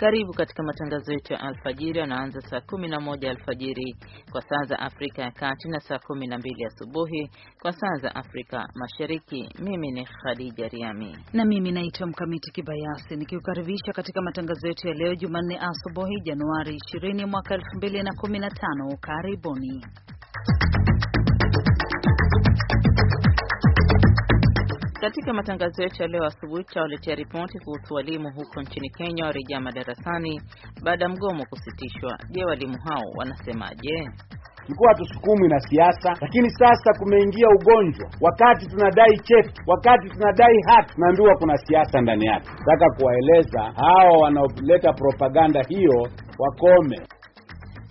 Karibu katika matangazo yetu ya alfajiri yanaanza saa 11 alfajiri kwa saa za Afrika ya Kati na saa na mbili asubuhi kwa saa za Afrika Mashariki. Mimi ni Khadija Riami na mimi naitwa Mkamiti Kibayasi nikiukaribisha katika matangazo yetu ya leo Jumanne asubuhi Januari 20 mwaka 2015. Karibuni. Katika matangazo yetu ya leo asubuhi tutawaletea ripoti kuhusu walimu huko nchini Kenya warejea madarasani baada ya mgomo kusitishwa. Je, walimu hao wanasemaje? Tulikuwa hatusukumwi na siasa, lakini sasa kumeingia ugonjwa. Wakati tunadai cheti, wakati tunadai haki, tunaambiwa kuna siasa ndani yake. Nataka kuwaeleza hawa wanaoleta propaganda hiyo wakome.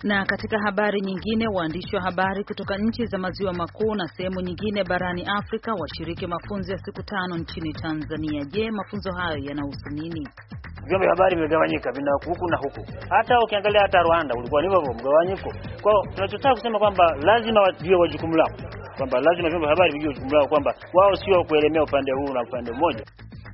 Na katika habari nyingine, waandishi wa habari kutoka nchi za maziwa makuu na sehemu nyingine barani Afrika washiriki mafunzo ya siku tano nchini Tanzania. Je, mafunzo hayo yanahusu nini? Vyombo vya habari vimegawanyika, vina huku na huku. Hata ukiangalia hata Rwanda ulikuwa ni hivyo mgawanyiko. Kwa hiyo tunachotaka kusema kwamba lazima wajue wajukumu lao, kwamba lazima vyombo vya habari vijue jukumu lao, kwamba wao sio kuelemea upande huu na upande mmoja.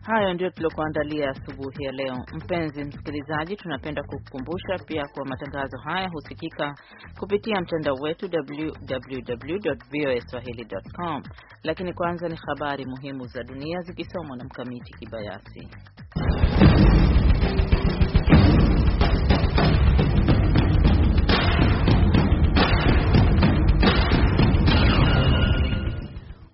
Hayo ndio tuliokuandalia asubuhi ya leo. Mpenzi msikilizaji, tunapenda kukukumbusha pia kuwa matangazo haya husikika kupitia mtandao wetu www.voaswahili.com. Lakini kwanza ni habari muhimu za dunia zikisomwa na Mkamiti Kibayasi.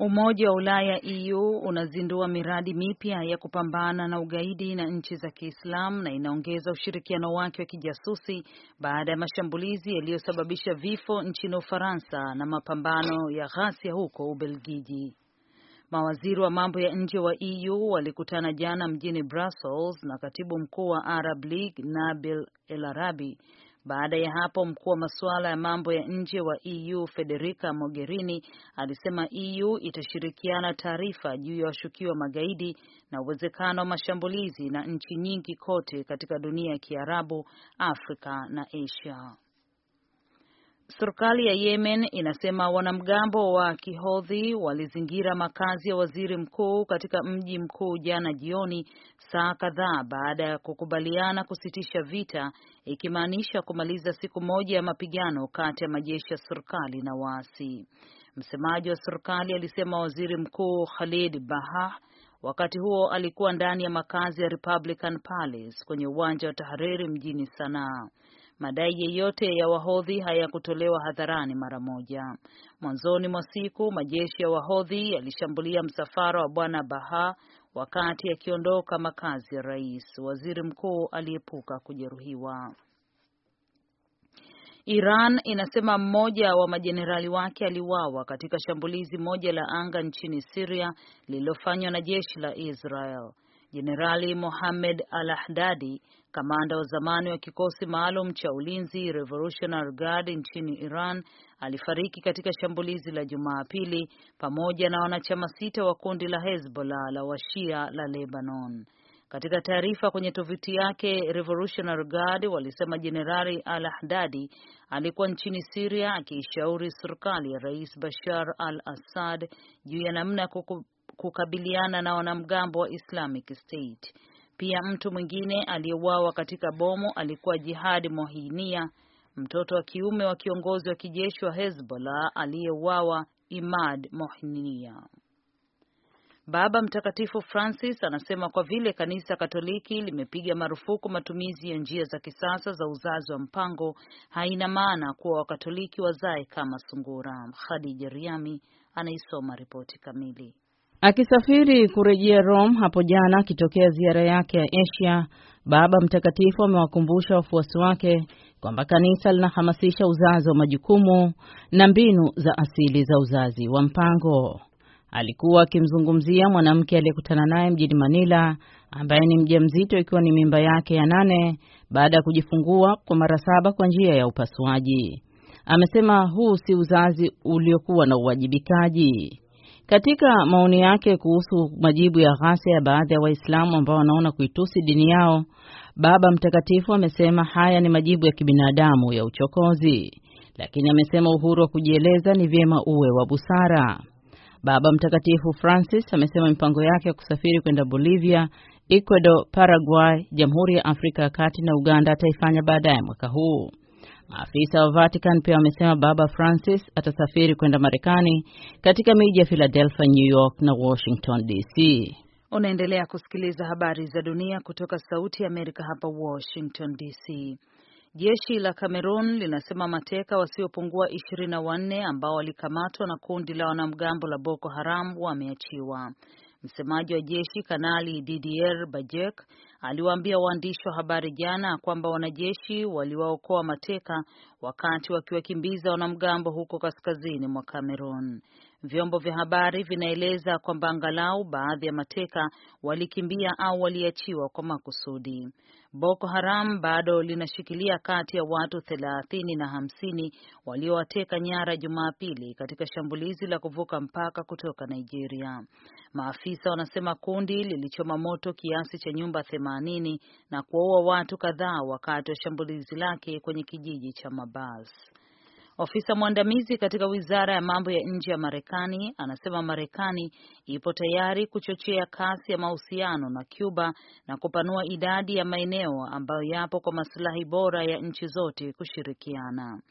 Umoja wa Ulaya EU unazindua miradi mipya ya kupambana na ugaidi na nchi za Kiislamu na inaongeza ushirikiano wake wa kijasusi baada ya mashambulizi yaliyosababisha vifo nchini Ufaransa na mapambano ya ghasia huko Ubelgiji. Mawaziri wa mambo ya nje wa EU walikutana jana mjini Brussels na katibu mkuu wa Arab League Nabil El Arabi baada ya hapo, mkuu wa masuala ya mambo ya nje wa EU Federica Mogherini alisema EU itashirikiana taarifa juu ya washukiwa magaidi na uwezekano wa mashambulizi na nchi nyingi kote katika dunia ya Kiarabu, Afrika na Asia. Serikali ya Yemen inasema wanamgambo wa Kihodhi walizingira makazi ya waziri mkuu katika mji mkuu jana jioni, saa kadhaa baada ya kukubaliana kusitisha vita, ikimaanisha kumaliza siku moja ya mapigano kati ya majeshi ya serikali na waasi. Msemaji wa serikali alisema waziri mkuu Khalid Baha wakati huo alikuwa ndani ya makazi ya Republican Palace kwenye uwanja wa Tahariri mjini Sanaa. Madai yeyote ya wahodhi hayakutolewa hadharani mara moja. Mwanzoni mwa siku, majeshi ya wahodhi yalishambulia msafara wa Bwana Baha wakati akiondoka makazi ya rais. Waziri mkuu aliepuka kujeruhiwa. Iran inasema mmoja wa majenerali wake aliuawa katika shambulizi moja la anga nchini Syria lililofanywa na jeshi la Israel. Jenerali Mohamed Al-Ahdadi, kamanda wa zamani wa kikosi maalum cha ulinzi Revolutionary Guard nchini Iran, alifariki katika shambulizi la Jumapili pamoja na wanachama sita wa kundi la Hezbollah la Washia la Lebanon. Katika taarifa kwenye tovuti yake Revolutionary Guard walisema Jenerali Al-Ahdadi alikuwa nchini Syria akiishauri serikali ya Rais Bashar al-Assad juu ya namna ya kukabiliana na wanamgambo wa Islamic State. Pia mtu mwingine aliyeuawa katika bomu alikuwa Jihad Mohinia, mtoto wa kiume wa kiongozi wa kijeshi wa Hezbollah aliyeuawa Imad Mohinia. Baba Mtakatifu Francis anasema kwa vile kanisa Katoliki limepiga marufuku matumizi ya njia za kisasa za uzazi wa mpango, haina maana kuwa Wakatoliki wazae kama sungura. Khadija Riami anaisoma ripoti kamili. Akisafiri kurejea Rome hapo jana akitokea ziara yake ya Asia, Baba Mtakatifu amewakumbusha wafuasi wake kwamba kanisa linahamasisha uzazi wa majukumu na mbinu za asili za uzazi wa mpango. Alikuwa akimzungumzia mwanamke aliyekutana naye mjini Manila ambaye ni mjamzito ikiwa ni mimba yake ya nane baada ya kujifungua kwa mara saba kwa njia ya upasuaji. Amesema huu si uzazi uliokuwa na uwajibikaji. Katika maoni yake kuhusu majibu ya ghasia ya baadhi ya Waislamu ambao wanaona kuitusi dini yao, Baba Mtakatifu amesema haya ni majibu ya kibinadamu ya uchokozi, lakini amesema uhuru wa kujieleza ni vyema uwe wa busara. Baba Mtakatifu Francis amesema mipango yake ya kusafiri kwenda Bolivia, Ecuador, Paraguay, Jamhuri ya Afrika ya Kati na Uganda ataifanya baadaye mwaka huu. Maafisa wa Vatican pia wamesema Baba Francis atasafiri kwenda Marekani katika miji ya Philadelphia, New York na Washington DC. Unaendelea kusikiliza habari za dunia kutoka Sauti ya Amerika hapa Washington DC. Jeshi la Cameroon linasema mateka wasiopungua ishirini na wanne ambao walikamatwa na kundi la wanamgambo la Boko Haram wameachiwa. Msemaji wa jeshi Kanali Didier Bajek aliwaambia waandishi wa habari jana kwamba wanajeshi waliwaokoa mateka wakati wakiwakimbiza wanamgambo huko kaskazini mwa Cameroon. Vyombo vya habari vinaeleza kwamba angalau baadhi ya mateka walikimbia au waliachiwa kwa makusudi. Boko Haram bado linashikilia kati ya watu thelathini na hamsini waliowateka nyara Jumapili katika shambulizi la kuvuka mpaka kutoka Nigeria. Maafisa wanasema kundi lilichoma moto kiasi cha nyumba themanini na kuwaua watu kadhaa wakati wa shambulizi lake kwenye kijiji cha Mabas. Ofisa mwandamizi katika wizara ya mambo ya nje ya Marekani anasema Marekani ipo tayari kuchochea kasi ya mahusiano na Cuba na kupanua idadi ya maeneo ambayo yapo kwa masilahi bora ya nchi zote kushirikiana.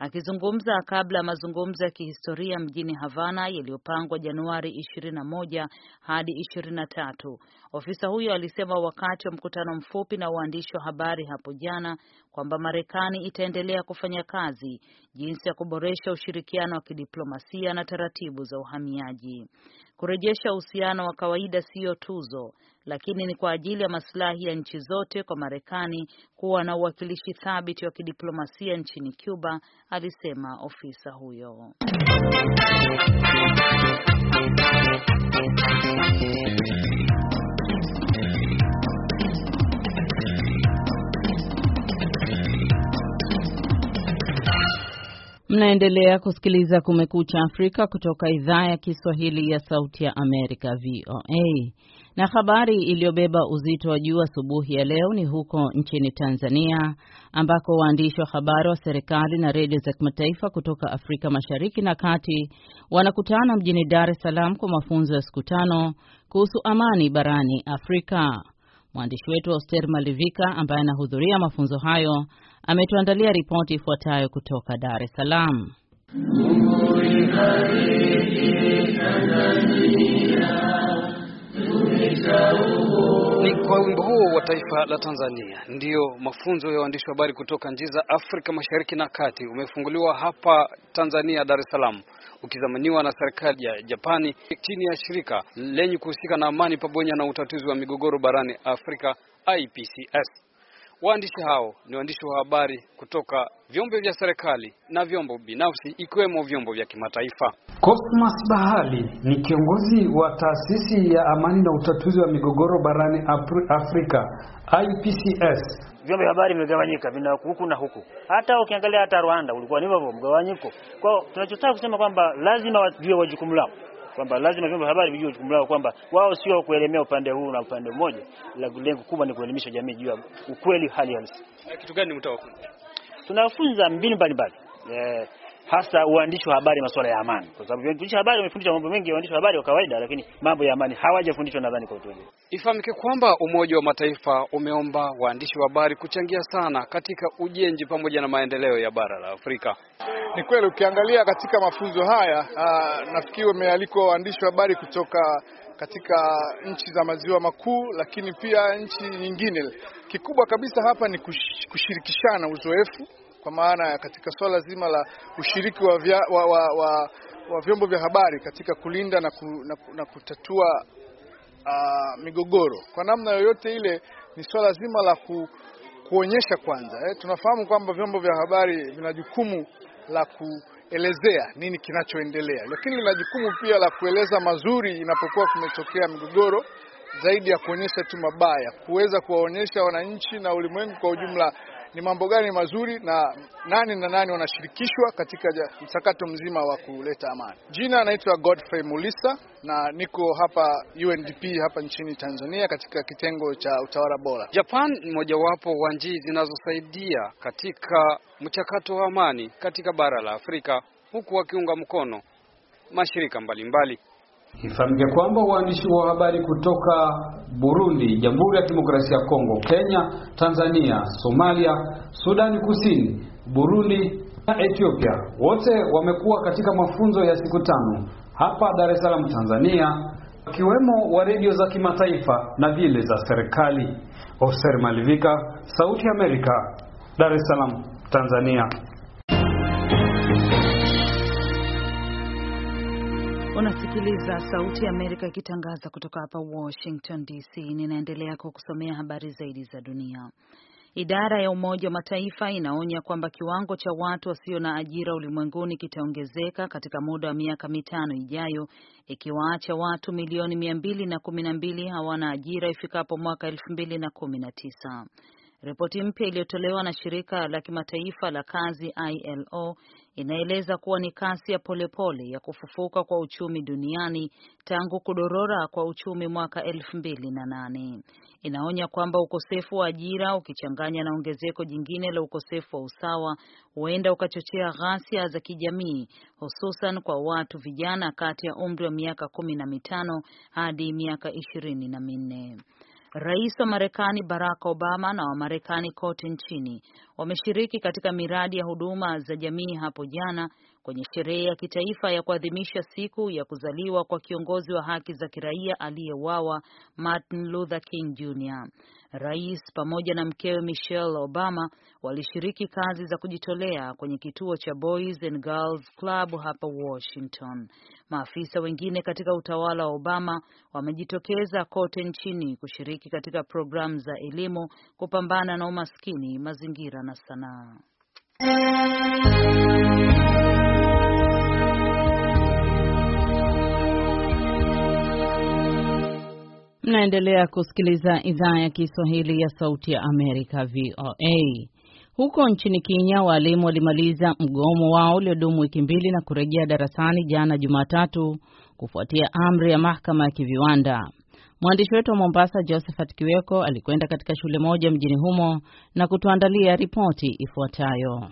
Akizungumza kabla ya mazungumzo ya kihistoria mjini Havana yaliyopangwa Januari 21 hadi 23, ofisa huyo alisema wakati wa mkutano mfupi na waandishi wa habari hapo jana kwamba Marekani itaendelea kufanya kazi jinsi ya kuboresha ushirikiano wa kidiplomasia na taratibu za uhamiaji. Kurejesha uhusiano wa kawaida siyo tuzo, lakini ni kwa ajili ya masilahi ya nchi zote kwa Marekani kuwa na uwakilishi thabiti wa kidiplomasia nchini Cuba, alisema ofisa huyo. Mnaendelea kusikiliza Kumekucha Afrika kutoka idhaa ya Kiswahili ya Sauti ya Amerika, VOA. Na habari iliyobeba uzito wa juu asubuhi ya leo ni huko nchini Tanzania ambako waandishi wa habari wa serikali na redio za kimataifa kutoka Afrika Mashariki na Kati wanakutana mjini Dar es Salaam kwa mafunzo ya siku tano kuhusu amani barani Afrika. Mwandishi wetu Oster Malivika ambaye anahudhuria mafunzo hayo ametuandalia ripoti ifuatayo kutoka Dar es Salaam. Ni kwa wimbo huo wa taifa la Tanzania ndiyo mafunzo ya waandishi wa habari kutoka nchi za Afrika Mashariki na Kati umefunguliwa hapa Tanzania, Dar es Salaam, ukizamaniwa na serikali ya Japani chini ya shirika lenye kuhusika na amani pamoja na utatuzi wa migogoro barani Afrika IPCS. Waandishi hao ni waandishi wa habari kutoka vyombo vya serikali na vyombo binafsi ikiwemo vyombo vya kimataifa. Cosmas Bahali ni kiongozi wa taasisi ya amani na utatuzi wa migogoro barani Afrika IPCS. Vyombo vya habari vimegawanyika, vina huku na huku. Hata ukiangalia hata Rwanda ulikuwa ni hivyo mgawanyiko kwao. Tunachotaka kusema kwamba lazima wajue wajukumu lao kwamba lazima vyombo vya habari vijue jukumu lao, kwamba wao sio kuelemea upande huu na upande mmoja, la lengo kubwa ni kuelimisha jamii juu ya ukweli hali halisi. Kitu gani mtawafunza? Tunawafunza mbinu mbalimbali eh, hasa uandishi wa habari, masuala ya amani, kwa sababu uandishi wa habari wamefundishwa mambo mengi, uandishi wa habari wa kawaida, lakini mambo ya amani hawajafundishwa nadhani kwa utulivu. Ifahamike kwamba Umoja wa Mataifa umeomba waandishi wa habari kuchangia sana katika ujenzi pamoja na maendeleo ya bara la Afrika. Ni kweli, ukiangalia katika mafunzo haya ah, nafikiri wamealikwa waandishi wa habari kutoka katika nchi za maziwa makuu, lakini pia nchi nyingine. Kikubwa kabisa hapa ni kushirikishana uzoefu kwa maana ya katika swala zima la ushiriki wa, vya, wa, wa, wa, wa vyombo vya habari katika kulinda na, ku, na, na kutatua uh, migogoro kwa namna yoyote ile, ni swala zima la ku, kuonyesha kwanza eh. Tunafahamu kwamba vyombo vya habari vina jukumu la kuelezea nini kinachoendelea, lakini lina jukumu pia la kueleza mazuri inapokuwa kumetokea migogoro zaidi ya kuonyesha tu mabaya, kuweza kuwaonyesha wananchi na ulimwengu kwa ujumla ni mambo gani mazuri na nani na nani wanashirikishwa katika mchakato mzima wa kuleta amani. Jina anaitwa Godfrey Mulisa na niko hapa UNDP hapa nchini Tanzania katika kitengo cha utawala bora. Japan ni mojawapo wa nchi zinazosaidia katika mchakato wa amani katika bara la Afrika huku wakiunga mkono mashirika mbalimbali mbali. Ifahamike kwamba waandishi wa habari kutoka Burundi, Jamhuri ya Kidemokrasia ya Kongo, Kenya, Tanzania, Somalia, Sudani Kusini, Burundi na Ethiopia wote wamekuwa katika mafunzo ya siku tano hapa Dar es Salaam, Tanzania, wakiwemo wa redio za kimataifa na vile za serikali. Oser Malivika, Sauti ya Amerika, Dar es Salaam, Tanzania. Unasikiliza sauti ya Amerika ikitangaza kutoka hapa Washington DC. Ninaendelea kukusomea habari zaidi za dunia. Idara ya Umoja wa Mataifa inaonya kwamba kiwango cha watu wasio na ajira ulimwenguni kitaongezeka katika muda wa miaka mitano ijayo, ikiwaacha watu milioni mia mbili na kumi na mbili hawana ajira ifikapo mwaka elfu mbili na kumi na tisa. Ripoti mpya iliyotolewa na shirika la kimataifa la kazi ILO inaeleza kuwa ni kasi ya polepole ya kufufuka kwa uchumi duniani tangu kudorora kwa uchumi mwaka elfu mbili na nane. Inaonya kwamba ukosefu wa ajira ukichanganya na ongezeko jingine la ukosefu wa usawa huenda ukachochea ghasia za kijamii, hususan kwa watu vijana kati ya umri wa miaka kumi na mitano hadi miaka ishirini na minne. Rais wa Marekani Barack Obama na Wamarekani kote nchini wameshiriki katika miradi ya huduma za jamii hapo jana kwenye sherehe ya kitaifa ya kuadhimisha siku ya kuzaliwa kwa kiongozi wa haki za kiraia aliyeuawa Martin Luther King Jr. Rais pamoja na mkewe Michelle Obama walishiriki kazi za kujitolea kwenye kituo cha Boys and Girls Club hapa Washington. Maafisa wengine katika utawala wa Obama wamejitokeza kote nchini kushiriki katika programu za elimu, kupambana na umaskini, mazingira na sanaa. Mnaendelea kusikiliza idhaa ya Kiswahili ya Sauti ya Amerika, VOA. Huko nchini Kenya, waalimu walimaliza mgomo wao uliodumu wiki mbili na kurejea darasani jana Jumatatu, kufuatia amri ya mahakama ya kiviwanda. Mwandishi wetu wa Mombasa, Josephat Kiweko, alikwenda katika shule moja mjini humo na kutuandalia ripoti ifuatayo.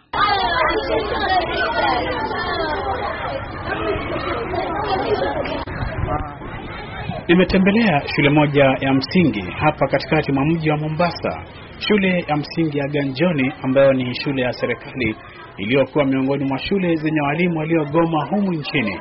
Nimetembelea shule moja ya msingi hapa katikati mwa mji wa Mombasa, shule ya msingi ya Ganjoni ambayo ni shule ya serikali iliyokuwa miongoni mwa shule zenye walimu waliogoma humu nchini.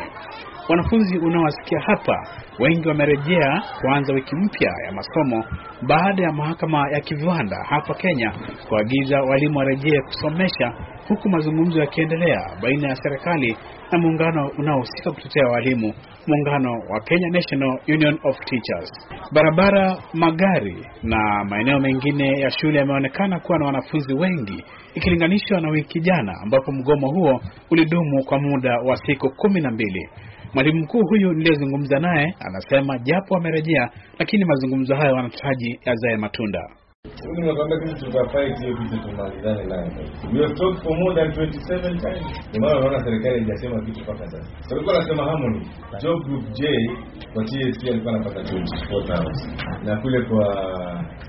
Wanafunzi unaowasikia hapa wengi wamerejea kuanza wiki mpya ya masomo baada ya mahakama ya kiviwanda hapa Kenya kuagiza walimu warejee kusomesha, huku mazungumzo yakiendelea baina ya serikali na muungano unaohusika kutetea walimu, muungano wa Kenya National Union of Teachers. Barabara, magari na maeneo mengine ya shule yameonekana kuwa na wanafunzi wengi ikilinganishwa na wiki jana, ambapo mgomo huo ulidumu kwa muda wa siku kumi na mbili. Mwalimu mkuu huyu niliyezungumza naye anasema japo amerejea, lakini mazungumzo hayo wanataraji yazae matunda nimekuambia kitu tutafight hiyo kitu tumalizane nayo. We have talked for more than 27 times. Ndio maana unaona serikali haijasema kitu mpaka sasa. Sasa alikuwa anasema Harmony, job group J kwa TSC alikuwa anapata 24000 na kule kwa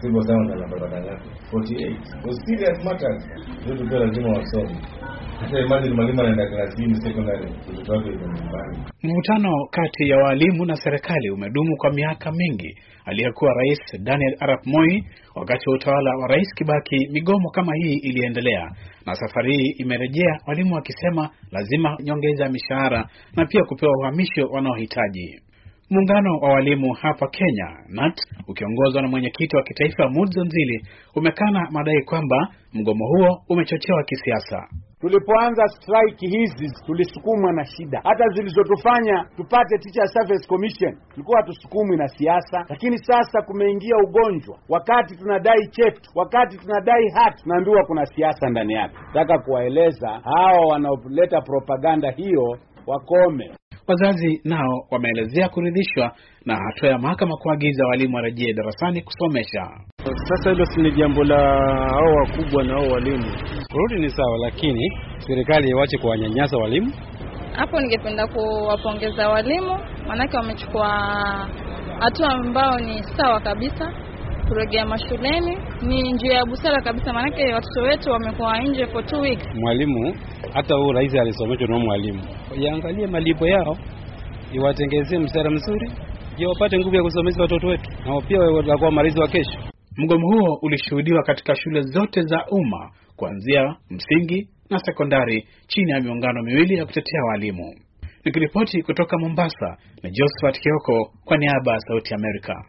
Civil Sound anapata ngapi? 48 serious matters ndio lazima wasome imagine mwalimu anaenda nyumbani. Mvutano kati ya walimu na serikali umedumu kwa miaka mingi. Aliyekuwa Rais Daniel Arap Moi wakati wa utawala wa Rais Kibaki, migomo kama hii iliendelea, na safari hii imerejea, walimu wakisema lazima nyongeza mishahara na pia kupewa uhamisho wanaohitaji. Muungano wa walimu hapa Kenya NAT ukiongozwa na mwenyekiti wa kitaifa Mudzo Nzili umekana madai kwamba mgomo huo umechochewa kisiasa. Tulipoanza strike hizi tulisukumwa na shida, hata zilizotufanya tupate Teacher Service Commission tulikuwa hatusukumwi na siasa, lakini sasa kumeingia ugonjwa. Wakati tunadai chetu, wakati tunadai hati, tunaambiwa kuna siasa ndani yake. Nataka kuwaeleza hawa wanaoleta propaganda hiyo wakome. Wazazi nao wameelezea kuridhishwa na hatua ya mahakama kuagiza walimu warejee darasani kusomesha. Sasa hilo si ni jambo la hao wakubwa na hao walimu kurudi, ni sawa, lakini serikali iwache kuwanyanyasa walimu. Hapo ningependa kuwapongeza walimu, maanake wamechukua hatua ambayo ni sawa kabisa kurejea mashuleni ni njia ya busara kabisa, maanake watoto wetu wamekuwa nje for two weeks. Mwalimu hata huu rais alisomeshwa na mwalimu, yaangalie malipo yao, iwatengezee mshahara mzuri, je, wapate nguvu ya kusomesha watoto wetu, na pia watakuwa maraizi wa kesho. Mgomo huo ulishuhudiwa katika shule zote za umma kuanzia msingi na sekondari chini ya miungano miwili ya kutetea walimu. Nikiripoti kutoka Mombasa na Josephat Kioko kwa niaba ya Sauti Amerika.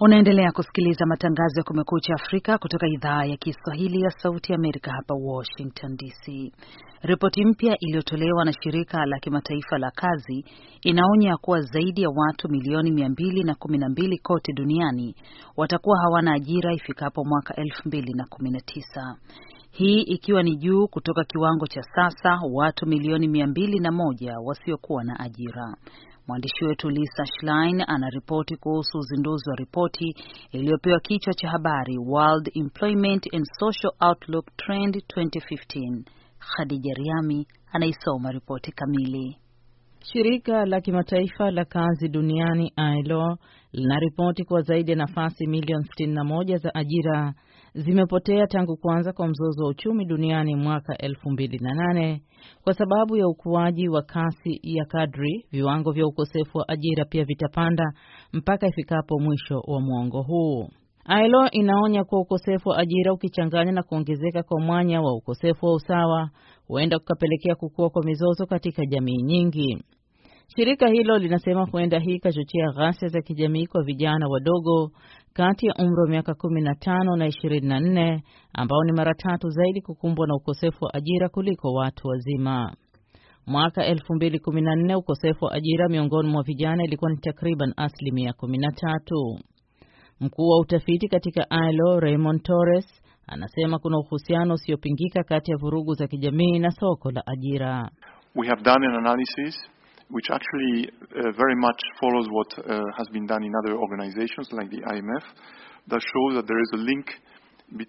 Unaendelea kusikiliza matangazo ya Kumekucha Afrika kutoka idhaa ya Kiswahili ya Sauti ya Amerika hapa Washington DC. Ripoti mpya iliyotolewa na shirika la kimataifa la kazi inaonya kuwa zaidi ya watu milioni 212 kote duniani watakuwa hawana ajira ifikapo mwaka 219 Hii ikiwa ni juu kutoka kiwango cha sasa watu milioni mia mbili na moja wasiokuwa na ajira. Mwandishi wetu Lisa Schlein anaripoti kuhusu uzinduzi wa ripoti iliyopewa kichwa cha habari World Employment and Social Outlook Trend 2015. Khadija Riami anaisoma ripoti kamili. Shirika la kimataifa la kazi duniani ILO linaripoti kuwa zaidi ya nafasi milioni 61 za ajira zimepotea tangu kuanza kwa mzozo wa uchumi duniani mwaka 2008 kwa sababu ya ukuaji wa kasi ya kadri. Viwango vya ukosefu wa ajira pia vitapanda mpaka ifikapo mwisho wa mwongo huu. ILO inaonya kuwa ukosefu wa ajira ukichanganya na kuongezeka kwa mwanya wa ukosefu wa usawa huenda kukapelekea kukua kwa mizozo katika jamii nyingi. Shirika hilo linasema huenda hii ikachochea ghasia za kijamii kwa vijana wadogo kati ya umri wa miaka 15 na 24 ambao ni mara tatu zaidi kukumbwa na ukosefu wa ajira kuliko watu wazima. Mwaka 2014 ukosefu wa ajira miongoni mwa vijana ilikuwa ni takriban asilimia 13. Mkuu wa utafiti katika ILO Raymond Torres anasema kuna uhusiano usiopingika kati ya vurugu za kijamii na soko la ajira. We have done an analysis which actually uh, very much follows what uh, has been done in other organizations like the IMF, that shows that there is a link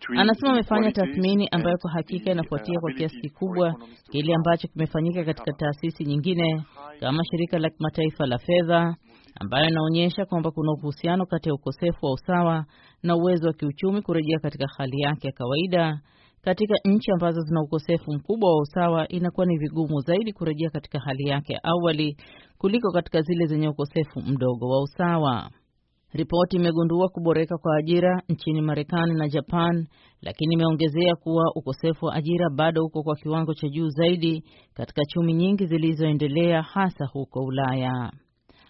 Anasema amefanya tathmini ambayo kwa hakika inafuatia kwa kiasi kikubwa kile ambacho kimefanyika katika taasisi nyingine kama shirika la kimataifa la fedha, ambayo inaonyesha kwamba kuna uhusiano kati ya ukosefu wa usawa na uwezo wa kiuchumi kurejea katika hali yake ya kawaida Katika nchi ambazo zina ukosefu mkubwa wa usawa, inakuwa ni vigumu zaidi kurejea katika hali yake awali kuliko katika zile zenye ukosefu mdogo wa usawa. Ripoti imegundua kuboreka kwa ajira nchini Marekani na Japan, lakini imeongezea kuwa ukosefu wa ajira bado uko kwa kiwango cha juu zaidi katika chumi nyingi zilizoendelea, hasa huko Ulaya.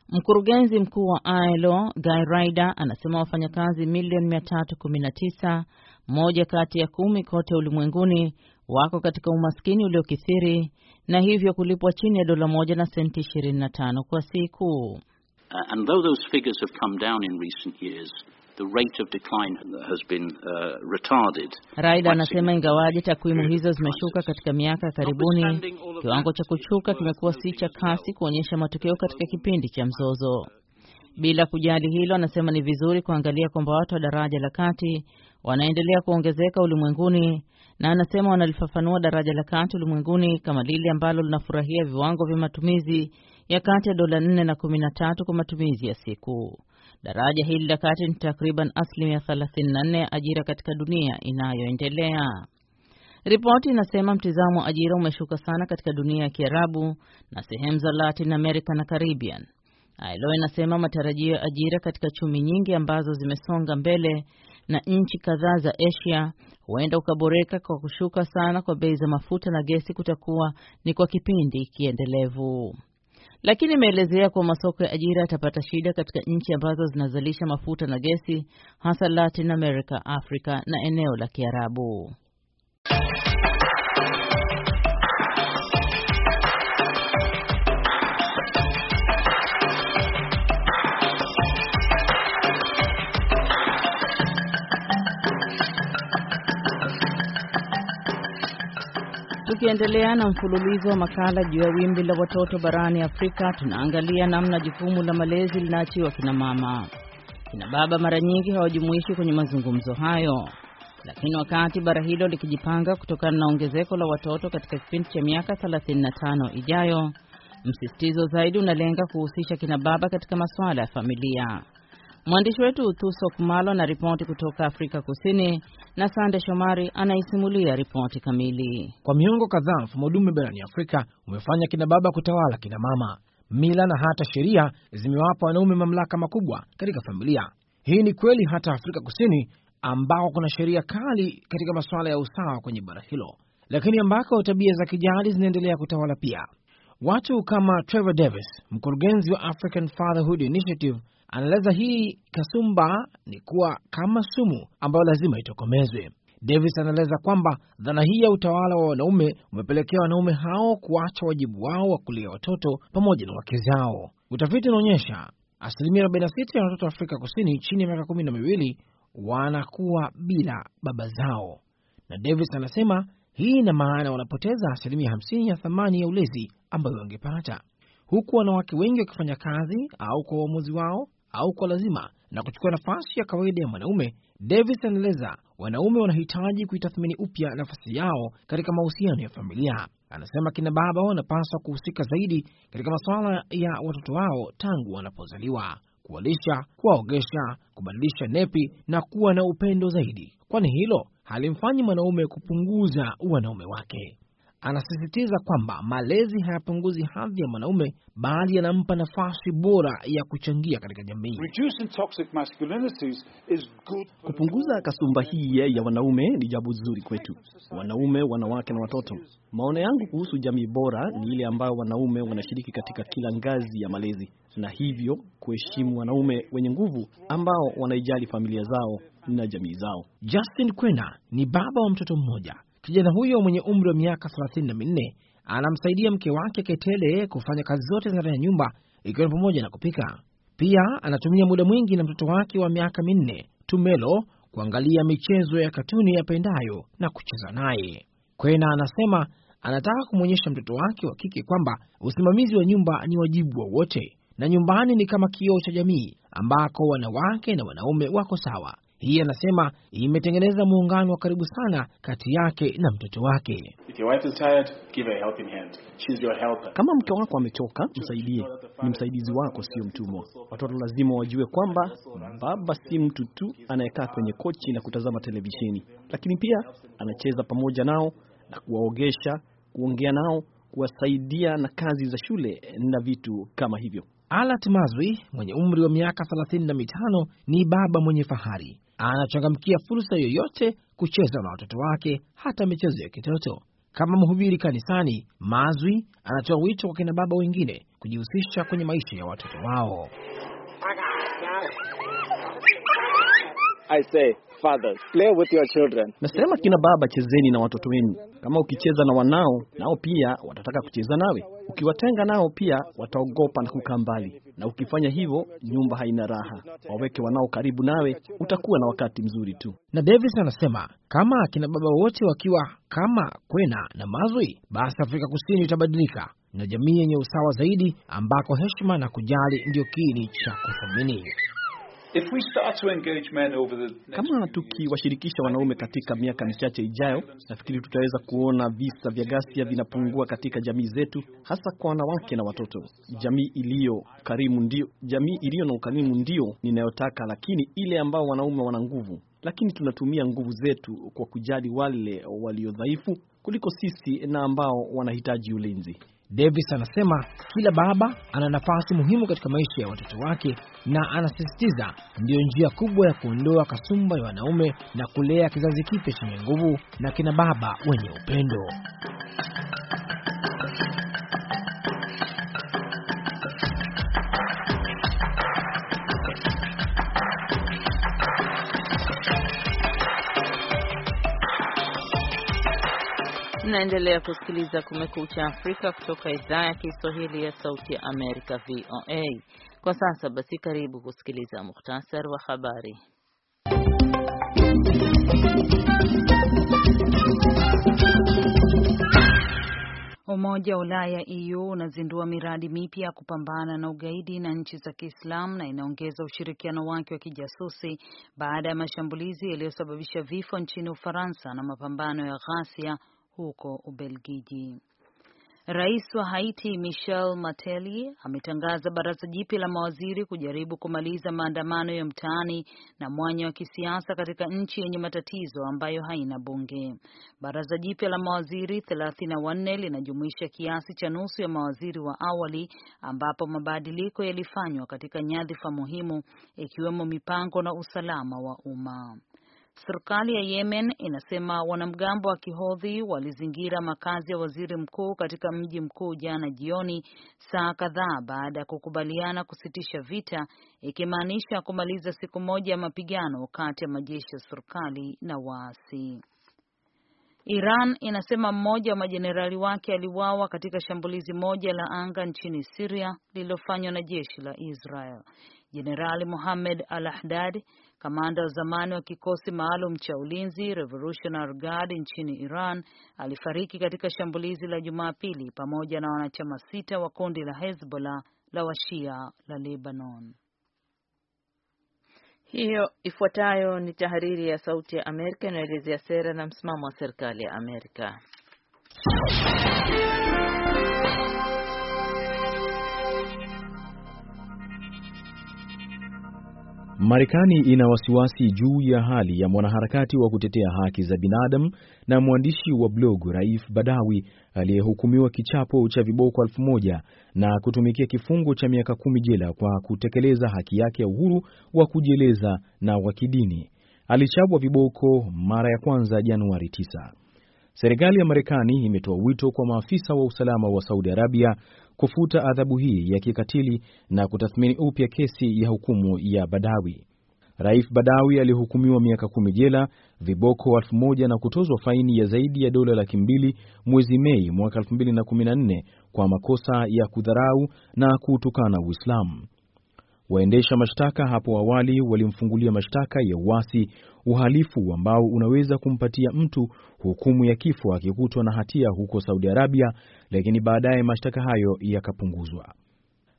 Mkurugenzi mkuu wa ILO Guy Ryder anasema wafanyakazi milioni 319 moja kati ya kumi kote ulimwenguni wako katika umaskini uliokithiri na hivyo kulipwa chini ya dola moja na senti 25 kwa siku. Uh, and though those figures have come down in recent years, the rate of decline has been uh, retarded. Raida anasema ingawaje takwimu hizo zimeshuka katika miaka ya karibuni, kiwango cha kuchuka kimekuwa si cha kasi kuonyesha matokeo katika kipindi cha mzozo. Bila kujali hilo, anasema ni vizuri kuangalia kwamba watu wa daraja la kati wanaendelea kuongezeka ulimwenguni na anasema wanalifafanua daraja la kati ulimwenguni kama lile ambalo linafurahia viwango vya matumizi ya kati ya dola 4 na 13 kwa matumizi ya siku. Daraja hili la kati ni takriban asilimia 34 ya ajira katika dunia inayoendelea. Ripoti inasema mtizamo wa ajira umeshuka sana katika dunia ya Kiarabu na sehemu za Latin America na Caribbean. ILO inasema matarajio ya ajira katika chumi nyingi ambazo zimesonga mbele na nchi kadhaa za Asia huenda ukaboreka kwa kushuka sana kwa bei za mafuta na gesi kutakuwa ni kwa kipindi kiendelevu. Lakini imeelezea kuwa masoko ya ajira yatapata shida katika nchi ambazo zinazalisha mafuta na gesi, hasa Latin America, Afrika na eneo la Kiarabu. Tukiendelea na mfululizo wa makala juu ya wimbi la watoto barani Afrika, tunaangalia namna jukumu la malezi linaachiwa kina mama. Kina baba mara nyingi hawajumuishi kwenye mazungumzo hayo, lakini wakati bara hilo likijipanga kutokana na ongezeko la watoto katika kipindi cha miaka 35 ijayo, msisitizo zaidi unalenga kuhusisha kina baba katika masuala ya familia. Mwandishi wetu Uthuso Kumalo na ripoti kutoka Afrika Kusini na Sande Shomari anaisimulia ripoti kamili. Kwa miongo kadhaa, mfumo dume barani Afrika umefanya kina baba kutawala kina mama. Mila na hata sheria zimewapa wanaume mamlaka makubwa katika familia. Hii ni kweli hata Afrika Kusini ambako kuna sheria kali katika masuala ya usawa kwenye bara hilo, lakini ambako tabia za kijadi zinaendelea kutawala pia. Watu kama Trevor Davis, mkurugenzi wa African Fatherhood Initiative Anaeleza hii kasumba ni kuwa kama sumu ambayo lazima itokomezwe. Davis anaeleza kwamba dhana hii ya utawala wa wanaume umepelekea wanaume hao kuacha wajibu wao wa kulia watoto pamoja na wake zao. Utafiti unaonyesha asilimia 46 ya watoto wa Afrika Kusini chini ya miaka kumi na miwili wanakuwa bila baba zao, na Davis anasema hii ina maana wanapoteza asilimia 50 ya thamani ya ulezi ambayo wangepata, huku wanawake wengi wakifanya kazi au kwa uamuzi wao au kwa lazima na kuchukua nafasi ya kawaida ya mwanaume. Davis anaeleza wanaume wanahitaji kuitathmini upya nafasi yao katika mahusiano ya familia. Anasema kina baba wanapaswa kuhusika zaidi katika masuala ya watoto wao tangu wanapozaliwa, kuwalisha, kuwaogesha, kubadilisha nepi na kuwa na upendo zaidi, kwani hilo halimfanyi mwanaume kupunguza wanaume wake anasisitiza kwamba malezi hayapunguzi hadhi ya mwanaume bali yanampa nafasi bora ya kuchangia katika jamii. Kupunguza kasumba hii ya wanaume ni jambo zuri kwetu, wanaume, wanawake na watoto. Maono yangu kuhusu jamii bora ni ile ambayo wanaume wanashiriki katika kila ngazi ya malezi, na hivyo kuheshimu wanaume wenye nguvu ambao wanaijali familia zao na jamii zao. Justin Kwena ni baba wa mtoto mmoja Kijana huyo mwenye umri wa miaka 34 anamsaidia mke wake Ketele kufanya kazi zote za ndani ya nyumba ikiwa ni pamoja na kupika. Pia anatumia muda mwingi na mtoto wake wa miaka minne Tumelo kuangalia michezo ya katuni yapendayo na kucheza naye. Kwena anasema anataka kumwonyesha mtoto wake wa kike kwamba usimamizi wa nyumba ni wajibu wa wote na nyumbani ni kama kioo cha jamii ambako wanawake na wanaume wako sawa. Hii anasema imetengeneza muungano wa karibu sana kati yake na mtoto wake. kama mke wako amechoka, msaidie. Ni msaidizi wako, sio mtumwa. Watoto lazima wajue kwamba baba si mtu tu anayekaa kwenye kochi na kutazama televisheni, lakini pia anacheza pamoja nao na kuwaogesha, kuongea nao, kuwasaidia na kazi za shule na vitu kama hivyo. Alat Mazwi mwenye umri wa miaka 35 ni baba mwenye fahari anachangamkia fursa yoyote kucheza na watoto wake, hata michezo ya kitoto. Kama mhubiri kanisani, Mazwi anatoa wito kwa kina baba wengine kujihusisha kwenye maisha ya watoto wao. I say, fathers, play with your children. Nasema kina baba, chezeni na watoto wenu. Kama ukicheza na wanao, nao pia watataka kucheza nawe. Ukiwatenga nao pia wataogopa na kukaa mbali, na ukifanya hivyo nyumba haina raha. Waweke wanao karibu nawe, utakuwa na wakati mzuri tu. Na Davis anasema kama kina baba wote wakiwa kama Kwena na Mazwi, basi Afrika Kusini itabadilika na jamii yenye usawa zaidi, ambako heshima na kujali ndiyo kiini cha kuthamini. Kama tukiwashirikisha wanaume katika miaka michache ijayo, nafikiri tutaweza kuona visa vya ghasia vinapungua katika jamii zetu, hasa kwa wanawake na watoto. Jamii iliyo karimu ndio, jamii iliyo na ukarimu ndio ninayotaka, lakini ile ambao wanaume wana nguvu, lakini tunatumia nguvu zetu kwa kujali wale walio dhaifu kuliko sisi na ambao wanahitaji ulinzi. Davis anasema kila baba ana nafasi muhimu katika maisha ya watoto wake, na anasisitiza ndiyo njia kubwa ya kuondoa kasumba ya wanaume na kulea kizazi kipya chenye nguvu na kina baba wenye upendo. Mnaendelea kusikiliza Kumekucha Afrika kutoka idhaa ya Kiswahili ya Sauti ya Amerika, VOA. Kwa sasa basi, karibu kusikiliza muhtasari wa habari. Umoja wa Ulaya EU unazindua miradi mipya ya kupambana na ugaidi na nchi za Kiislamu na inaongeza ushirikiano wake wa kijasusi baada ya mashambulizi yaliyosababisha vifo nchini Ufaransa na mapambano ya ghasia huko Ubelgiji. Rais wa Haiti Michel Mateli ametangaza baraza jipya la mawaziri kujaribu kumaliza maandamano ya mtaani na mwanya wa kisiasa katika nchi yenye matatizo ambayo haina bunge. Baraza jipya la mawaziri 34 linajumuisha kiasi cha nusu ya mawaziri wa awali ambapo mabadiliko yalifanywa katika nyadhifa muhimu ikiwemo mipango na usalama wa umma. Serikali ya Yemen inasema wanamgambo wa Kihodhi walizingira makazi ya waziri mkuu katika mji mkuu jana jioni, saa kadhaa baada ya kukubaliana kusitisha vita, ikimaanisha kumaliza siku moja ya mapigano kati ya majeshi ya serikali na waasi. Iran inasema mmoja wa majenerali wake aliuawa katika shambulizi moja la anga nchini Siria lililofanywa na jeshi la Israel. Jenerali Mohammed Al Ahdad Kamanda wa zamani wa kikosi maalum cha ulinzi Revolutionary Guard nchini Iran alifariki katika shambulizi la Jumapili pamoja na wanachama sita wa kundi la Hezbollah la Washia la Lebanon. Hiyo ifuatayo ni tahariri ya Sauti ya Amerika inayoelezea sera na msimamo wa serikali ya Amerika. Marekani ina wasiwasi juu ya hali ya mwanaharakati wa kutetea haki za binadamu na mwandishi wa blog Raif Badawi aliyehukumiwa kichapo cha viboko elfu moja na kutumikia kifungo cha miaka kumi jela kwa kutekeleza haki yake ya uhuru wa kujieleza na wa kidini. Alichapwa viboko mara ya kwanza Januari 9. Serikali ya Marekani imetoa wito kwa maafisa wa usalama wa Saudi Arabia kufuta adhabu hii ya kikatili na kutathmini upya kesi ya hukumu ya Badawi. Raif Badawi alihukumiwa miaka kumi jela, viboko elfu moja na kutozwa faini ya zaidi ya dola laki mbili mwezi Mei mwaka 2014 kwa makosa ya kudharau na kutukana Uislamu. Waendesha mashtaka hapo awali walimfungulia mashtaka ya uasi, uhalifu ambao unaweza kumpatia mtu hukumu ya kifo akikutwa na hatia huko Saudi Arabia, lakini baadaye mashtaka hayo yakapunguzwa.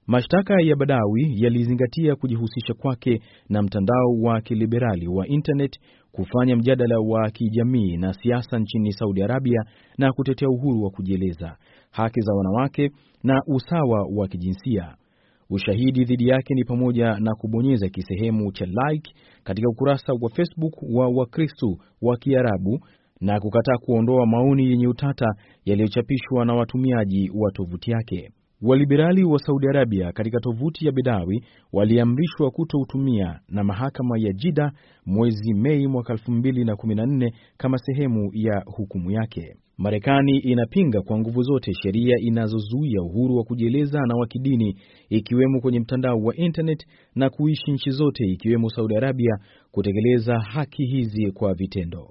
Mashtaka ya Badawi yalizingatia kujihusisha kwake na mtandao wa kiliberali wa internet, kufanya mjadala wa kijamii na siasa nchini Saudi Arabia na kutetea uhuru wa kujieleza, haki za wanawake na usawa wa kijinsia. Ushahidi dhidi yake ni pamoja na kubonyeza kisehemu cha like katika ukurasa wa Facebook wa Wakristu wa Kiarabu na kukataa kuondoa maoni yenye utata yaliyochapishwa na watumiaji wa tovuti yake. Waliberali wa Saudi Arabia katika tovuti ya Bedawi waliamrishwa kutoutumia na mahakama ya Jida mwezi Mei mwaka 2014 kama sehemu ya hukumu yake. Marekani inapinga kwa nguvu zote sheria inazozuia uhuru wa kujieleza na wa kidini ikiwemo kwenye mtandao wa internet na kuishi nchi zote ikiwemo Saudi Arabia kutekeleza haki hizi kwa vitendo.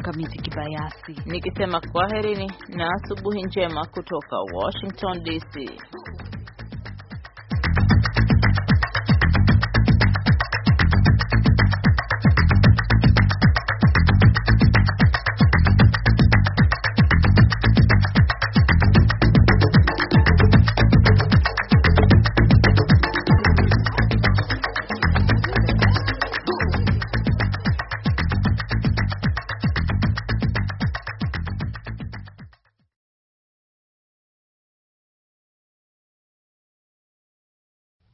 Mkamiti Kibayasi nikisema kwaherini na asubuhi njema kutoka Washington DC.